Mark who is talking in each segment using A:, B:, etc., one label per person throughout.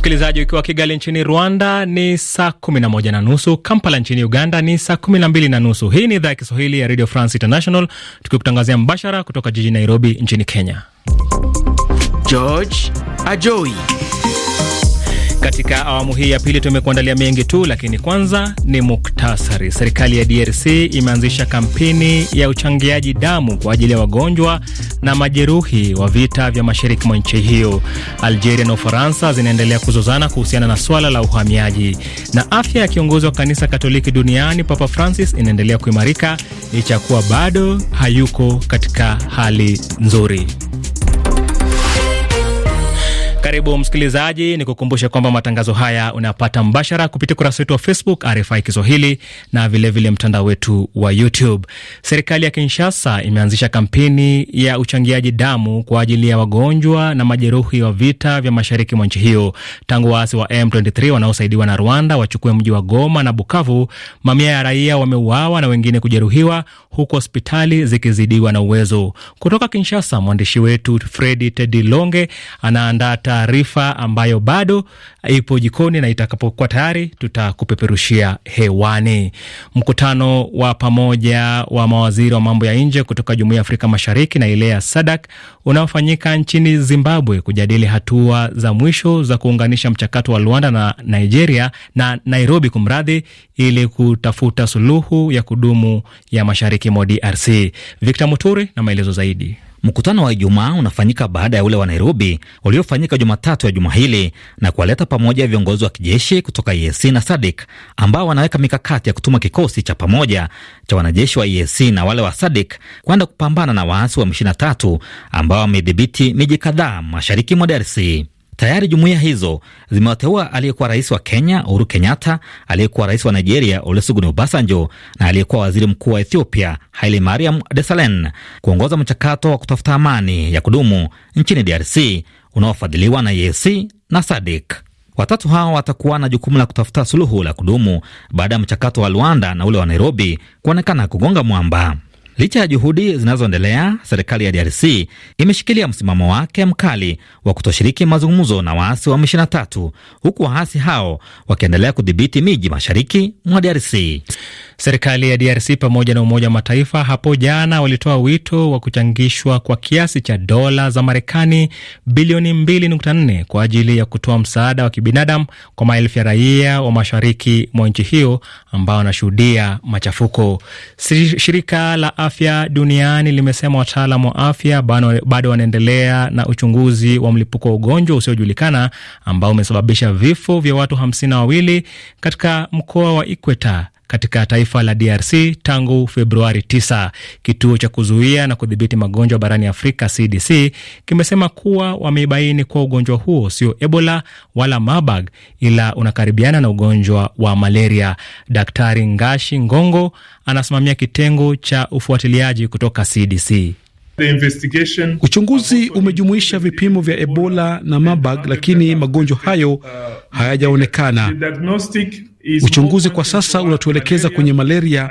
A: Msikilizaji, ukiwa Kigali nchini Rwanda ni saa kumi na moja na nusu, Kampala nchini Uganda ni saa kumi na mbili na nusu. Hii ni idhaa ya Kiswahili ya Radio France International tukikutangazia mbashara kutoka jijini Nairobi nchini Kenya. George Ajoi katika awamu hii ya pili tumekuandalia mengi tu, lakini kwanza ni muktasari. Serikali ya DRC imeanzisha kampeni ya uchangiaji damu kwa ajili ya wagonjwa na majeruhi wa vita vya mashariki mwa nchi hiyo. Algeria na Ufaransa zinaendelea kuzozana kuhusiana na swala la uhamiaji. Na afya ya kiongozi wa kanisa Katoliki duniani Papa Francis inaendelea kuimarika licha ya kuwa bado hayuko katika hali nzuri. Karibu msikilizaji, ni kukumbushe kwamba matangazo haya unapata mbashara kupitia ukurasa wetu wa Facebook RFI Kiswahili na vilevile mtandao wetu wa YouTube. Serikali ya Kinshasa imeanzisha kampeni ya uchangiaji damu kwa ajili ya wagonjwa na majeruhi wa vita vya mashariki mwa nchi hiyo. Tangu waasi wa M23 wanaosaidiwa na Rwanda wachukue mji wa Goma na Bukavu, mamia ya raia wameuawa na wengine kujeruhiwa, huku hospitali zikizidiwa na uwezo. Kutoka Kinshasa, mwandishi wetu Fredi Longe anaandaa taarifa ambayo bado ipo jikoni na itakapokuwa tayari tutakupeperushia hewani. Mkutano wa pamoja wa mawaziri wa mambo ya nje kutoka Jumuiya ya Afrika Mashariki na ile ya SADAK unaofanyika nchini Zimbabwe kujadili hatua za mwisho za kuunganisha mchakato wa Luanda na Nigeria na Nairobi kumradhi, ili kutafuta suluhu ya kudumu ya mashariki mwa DRC. Victor Muturi na maelezo zaidi. Mkutano wa Ijumaa unafanyika baada ya ule wa Nairobi uliofanyika Jumatatu ya juma hili na kuwaleta pamoja viongozi wa kijeshi kutoka EAC na SADC ambao wanaweka mikakati ya kutuma kikosi cha pamoja cha wanajeshi wa EAC na wale wa SADC kwenda kupambana na waasi wa M23 ambao wamedhibiti miji kadhaa mashariki mwa DRC. Tayari jumuiya hizo zimewateua aliyekuwa rais wa Kenya Uhuru Kenyatta, aliyekuwa rais wa Nigeria Olusegun Obasanjo na aliyekuwa waziri mkuu wa Ethiopia Haile Mariam Desalegn kuongoza mchakato wa kutafuta amani ya kudumu nchini DRC unaofadhiliwa na EAC na sadik Watatu hao watakuwa na jukumu la kutafuta suluhu la kudumu baada ya mchakato wa Luanda na ule wa Nairobi kuonekana kugonga mwamba. Licha ya juhudi zinazoendelea, serikali ya DRC imeshikilia msimamo wake mkali wa kutoshiriki mazungumzo na waasi wa M23, huku waasi hao wakiendelea kudhibiti miji mashariki mwa DRC. Serikali ya DRC pamoja na Umoja wa Mataifa hapo jana walitoa wito wa kuchangishwa kwa kiasi cha dola za Marekani bilioni 2.4 kwa ajili ya kutoa msaada wa kibinadamu kwa maelfu ya raia wa mashariki mwa nchi hiyo ambao wanashuhudia machafuko. Shirika la afya duniani limesema wataalam wa afya bado wanaendelea na uchunguzi wa mlipuko wa ugonjwa usiojulikana ambao umesababisha vifo vya watu hamsini na wawili katika mkoa wa Ikweta katika taifa la DRC tangu Februari 9. Kituo cha kuzuia na kudhibiti magonjwa barani Afrika CDC kimesema kuwa wamebaini kuwa ugonjwa huo sio Ebola wala Marburg, ila unakaribiana na ugonjwa wa malaria. Daktari Ngashi Ngongo anasimamia kitengo cha ufuatiliaji kutoka CDC. Uchunguzi umejumuisha vipimo vya Ebola na Marburg, lakini magonjwa uh, hayo hayajaonekana. Uchunguzi kwa sasa unatuelekeza kwenye malaria,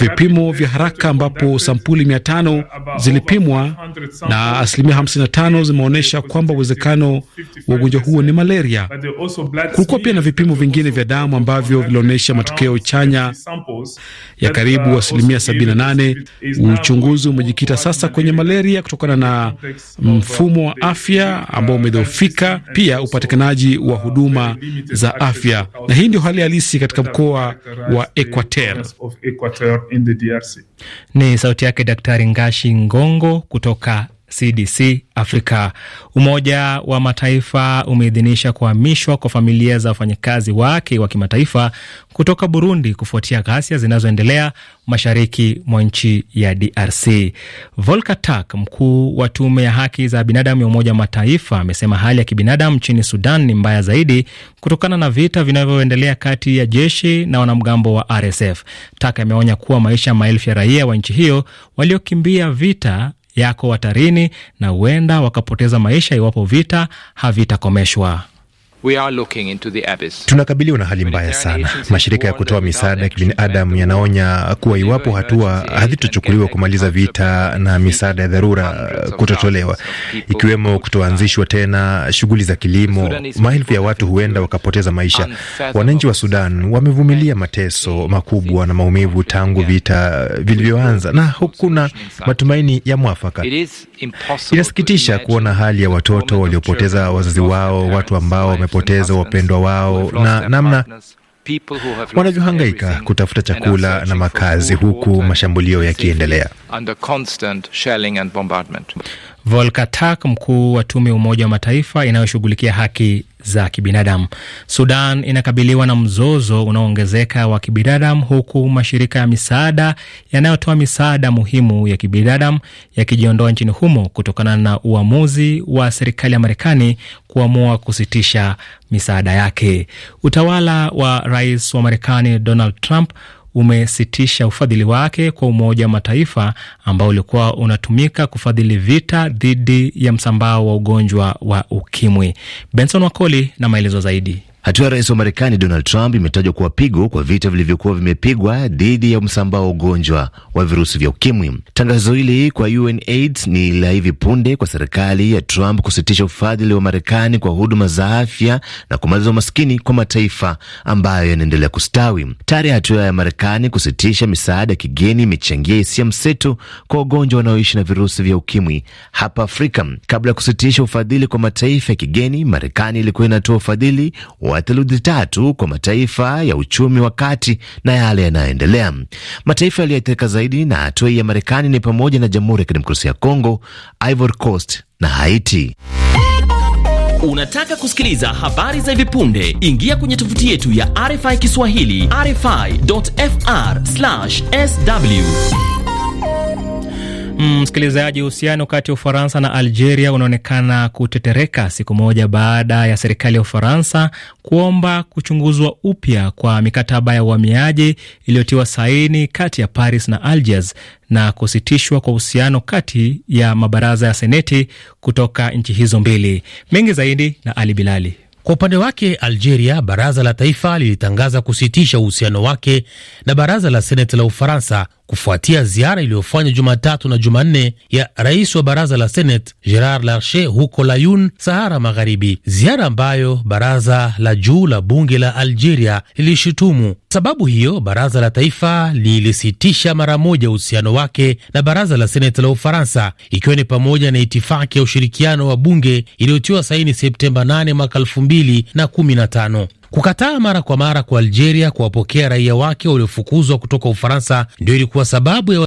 A: vipimo vya haraka ambapo sampuli mia tano zilipimwa na asilimia 55 zimeonyesha kwamba uwezekano wa ugonjwa huo ni malaria. Kulikuwa pia na vipimo vingine vya damu ambavyo vilionyesha matokeo chanya ya karibu asilimia 78. Uchunguzi umejikita sasa kwenye malaria kutokana na mfumo wa afya ambao umedhoofika, pia upatikanaji wa huduma za afya na hii ndio hali halisi katika mkoa wa Equateur. Ni sauti yake Daktari Ngashi Ngongo kutoka CDC Afrika. Umoja wa Mataifa umeidhinisha kuhamishwa kwa familia za wafanyakazi wake wa kimataifa kutoka Burundi kufuatia ghasia zinazoendelea mashariki mwa nchi ya DRC. Volker Turk, mkuu wa tume ya haki za binadamu ya Umoja wa Mataifa, amesema hali ya kibinadamu nchini Sudan ni mbaya zaidi kutokana na vita vinavyoendelea kati ya jeshi na wanamgambo wa RSF. Turk ameonya kuwa maisha maelfu ya raia wa nchi hiyo waliokimbia vita yako hatarini na huenda wakapoteza maisha iwapo vita havitakomeshwa.
B: We are looking into the abyss.
A: Tunakabiliwa na hali
B: mbaya sana. Mashirika ya kutoa misaada ya kibinadamu yanaonya kuwa iwapo hatua hazitochukuliwa kumaliza vita na misaada ya dharura kutotolewa, ikiwemo kutoanzishwa tena shughuli za kilimo, maelfu ya watu huenda wakapoteza maisha. Wananchi wa Sudan wamevumilia mateso makubwa na maumivu tangu vita vilivyoanza, na hakuna matumaini ya mwafaka. Inasikitisha kuona hali ya watoto waliopoteza wazazi wao, watu ambao wamepoteza wapendwa wao na namna
A: wanavyohangaika
B: kutafuta chakula na makazi huku mashambulio yakiendelea.
A: Volker Turk, mkuu wa tume ya Umoja wa Mataifa inayoshughulikia haki za kibinadamu. Sudan inakabiliwa na mzozo unaoongezeka wa kibinadamu, huku mashirika ya misaada yanayotoa misaada muhimu ya kibinadamu yakijiondoa nchini humo kutokana na uamuzi wa serikali ya Marekani kuamua kusitisha misaada yake. Utawala wa rais wa Marekani Donald Trump umesitisha ufadhili wake kwa Umoja wa Mataifa ambao ulikuwa unatumika kufadhili vita dhidi ya msambao wa ugonjwa wa ukimwi. Benson Wakoli na maelezo zaidi. Hatua ya rais wa Marekani Donald Trump imetajwa
B: kuwa pigo kwa vita vilivyokuwa vimepigwa dhidi ya msambao wa ugonjwa wa virusi vya ukimwi. Tangazo hili kwa UNAIDS ni la hivi punde kwa serikali ya Trump kusitisha ufadhili wa Marekani kwa huduma za afya na kumaliza umaskini kwa mataifa ambayo yanaendelea kustawi. Tayari hatua ya Marekani kusitisha misaada ya kigeni imechangia hisia mseto kwa wagonjwa wanaoishi na virusi vya ukimwi hapa Afrika. Kabla ya kusitisha ufadhili kwa mataifa ya kigeni, Marekani ilikuwa inatoa ufadhili wa wa theluthi tatu kwa mataifa ya uchumi wa kati na yale yanayoendelea. Mataifa yaliyoathirika zaidi na hatua ya Marekani ni pamoja na Jamhuri ya Kidemokrasia ya Kongo, Ivory Coast na Haiti.
A: Unataka kusikiliza habari za hivi punde? Ingia kwenye tovuti yetu ya RFI Kiswahili, rfi.fr/sw. Mm, msikilizaji, mm, uhusiano kati ya Ufaransa na Algeria unaonekana kutetereka siku moja baada ya serikali ya Ufaransa kuomba kuchunguzwa upya kwa mikataba ya uhamiaji iliyotiwa saini kati ya Paris na Algiers na kusitishwa kwa uhusiano kati ya mabaraza ya seneti kutoka nchi hizo mbili. Mengi zaidi na Ali Bilali. Kwa upande wake Algeria, baraza la taifa lilitangaza kusitisha uhusiano wake na baraza la seneti la Ufaransa kufuatia ziara iliyofanywa Jumatatu na Jumanne ya rais wa baraza la seneti Gerard Larcher huko Layun, Sahara Magharibi, ziara ambayo baraza la juu la bunge la Algeria
B: lilishutumu Sababu hiyo baraza la taifa lilisitisha mara moja uhusiano wake
A: na baraza la seneti la Ufaransa, ikiwa ni pamoja na itifaki ya ushirikiano wa bunge iliyotiwa saini Septemba 8 mwaka 2015. Kukataa mara kwa mara kwa Algeria kuwapokea raia wake waliofukuzwa kutoka Ufaransa ndio ilikuwa sababu ya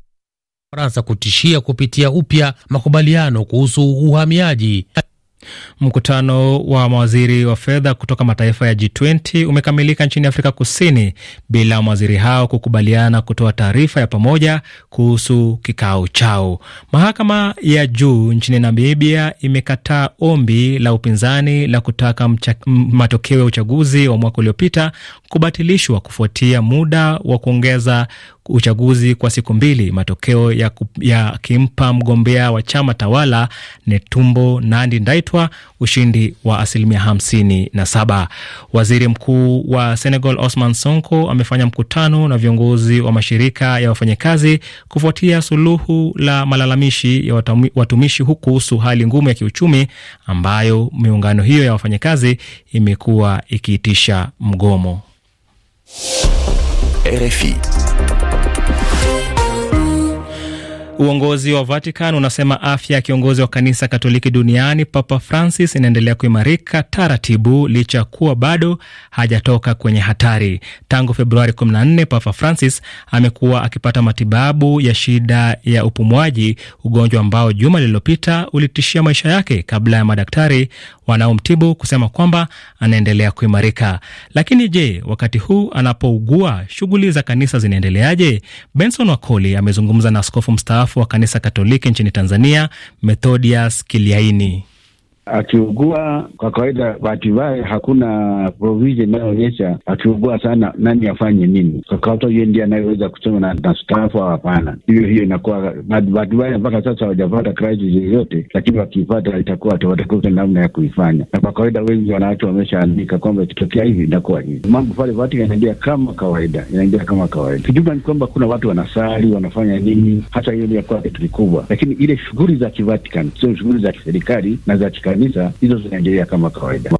A: Ufaransa kutishia kupitia upya makubaliano kuhusu uhamiaji. Mkutano wa mawaziri wa fedha kutoka mataifa ya G20 umekamilika nchini Afrika Kusini bila mawaziri hao kukubaliana kutoa taarifa ya pamoja kuhusu kikao chao. Mahakama ya juu nchini Namibia imekataa ombi la upinzani la kutaka matokeo ya uchaguzi wa mwaka uliopita kubatilishwa kufuatia muda wa kuongeza uchaguzi kwa siku mbili, matokeo yakimpa ya mgombea wa chama tawala Netumbo Nandi Ndaitwa ushindi wa asilimia hamsini na saba. Waziri mkuu wa Senegal Osman Sonko amefanya mkutano na viongozi wa mashirika ya wafanyakazi kufuatia suluhu la malalamishi ya watumishi huku kuhusu hali ngumu ya kiuchumi ambayo miungano hiyo ya wafanyakazi imekuwa ikiitisha mgomo. RFI. Uongozi wa Vatican unasema afya ya kiongozi wa kanisa Katoliki duniani Papa Francis inaendelea kuimarika taratibu licha ya kuwa bado hajatoka kwenye hatari. Tangu Februari 14 Papa Francis amekuwa akipata matibabu ya shida ya upumuaji, ugonjwa ambao juma lililopita ulitishia maisha yake kabla ya madaktari wanaomtibu kusema kwamba anaendelea kuimarika. Lakini je, wakati huu anapougua shughuli za kanisa zinaendeleaje? Benson Wakoli amezungumza na askofu mstaafu wa kanisa Katoliki nchini Tanzania, Methodius Kiliaini
B: akiugua kwa kawaida, bahati hakuna provision inayoonyesha akiugua sana nani afanye nini. Kakaoto hiyo ndio anayeweza kusema na, na stafu au hapana. Hiyo hiyo inakuwa
A: bahati mpaka sasa hawajapata crisis yoyote, lakini wakiipata itakuwa watakuta namna ya kuifanya, na kwa kawaida wengi wanawake wameshaandika kwamba ikitokea hivi inakuwa hivi. Mambo pale vatika inaingia kama kawaida, inaingia kama kawaida. Kijumla ni kwamba kuna watu wanasali, wanafanya nini, hata hiyo ndio
B: kuwa kitu kikubwa, lakini ile shughuli za Kivatican sio shughuli za kiserikali na za kika kabisa, hizo zinaendelea kama kawaida.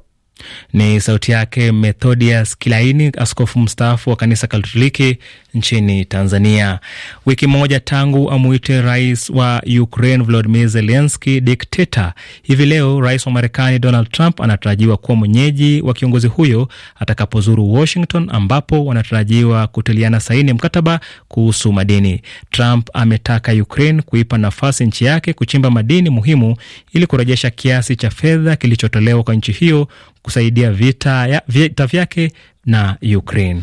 A: Ni sauti yake Methodius Kilaini, askofu mstaafu wa kanisa Katoliki nchini Tanzania. Wiki moja tangu amwite rais wa Ukraine Volodimir Zelenski dikteta, hivi leo rais wa Marekani Donald Trump anatarajiwa kuwa mwenyeji wa kiongozi huyo atakapozuru Washington, ambapo wanatarajiwa kutiliana saini mkataba kuhusu madini. Trump ametaka Ukraine kuipa nafasi nchi yake kuchimba madini muhimu ili kurejesha kiasi cha fedha kilichotolewa kwa nchi hiyo kusaidia vita, ya, vita vyake na Ukraine.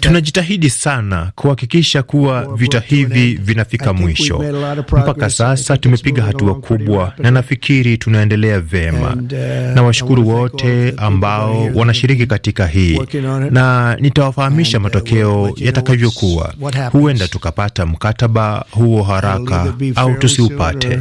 A: Tunajitahidi sana kuhakikisha kuwa vita hivi
B: vinafika mwisho. Mpaka sasa tumepiga hatua kubwa, na nafikiri tunaendelea vema Uh, na washukuru wote ambao wanashiriki katika hii, na nitawafahamisha uh, matokeo yatakavyokuwa. Huenda tukapata mkataba
A: huo haraka au tusiupate.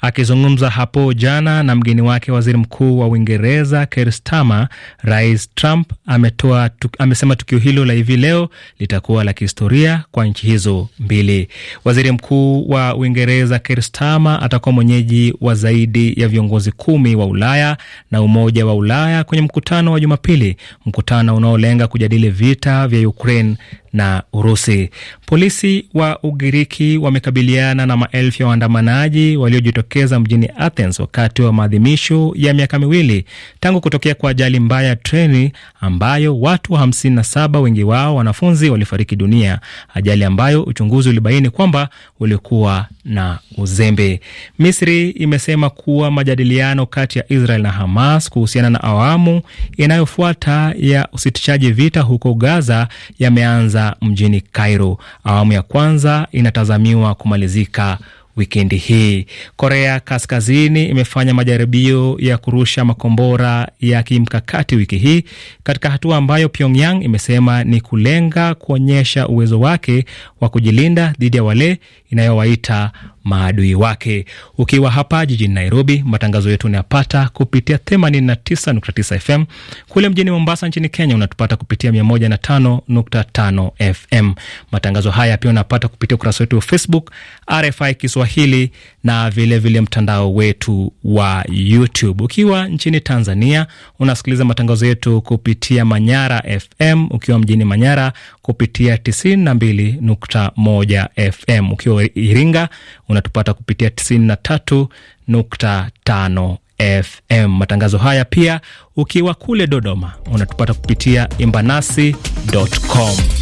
A: Akizungumza hapo jana na mgeni wake waziri mkuu wa Uingereza Keir Starmer, Rais Trump ametoa tuk, amesema tukio hilo la hivi leo litakuwa la kihistoria kwa nchi hizo mbili. Waziri mkuu wa Uingereza Keir Starmer atakuwa mwenyeji wa zaidi ya viongozi kumi wa Ulaya na Umoja wa Ulaya kwenye mkutano wa Jumapili, mkutano unaolenga kujadili vita vya Ukraine na Urusi. Polisi wa Ugiriki wamekabiliana na maelfu ya waandamanaji waliojitokeza mjini Athens wakati wa maadhimisho ya miaka miwili tangu kutokea kwa ajali mbaya ya treni ambayo watu 57 wengi wao wanafunzi walifariki dunia, ajali ambayo uchunguzi ulibaini kwamba ulikuwa na uzembe. Misri imesema kuwa majadiliano kati ya Israel na Hamas kuhusiana na awamu inayofuata ya usitishaji vita huko Gaza yameanza kwanza mjini Cairo. Awamu ya kwanza inatazamiwa kumalizika wikendi hii. Korea Kaskazini imefanya majaribio ya kurusha makombora ya kimkakati wiki hii katika hatua ambayo Pyongyang imesema ni kulenga kuonyesha uwezo wake wa kujilinda dhidi ya wale inayowaita maadui wake. Ukiwa hapa jijini Nairobi, matangazo yetu unayapata kupitia 89.9 FM. Kule mjini Mombasa nchini Kenya unatupata kupitia 105.5 FM. Matangazo haya pia unapata kupitia ukurasa wetu wa Facebook RFI Kiswahili na vilevile vile mtandao wetu wa YouTube. Ukiwa nchini Tanzania unasikiliza matangazo yetu kupitia Manyara FM, ukiwa mjini Manyara kupitia 92.1 FM. Ukiwa Iringa unatupata kupitia 93.5 FM. Matangazo haya pia ukiwa kule Dodoma unatupata kupitia imbanasi.com.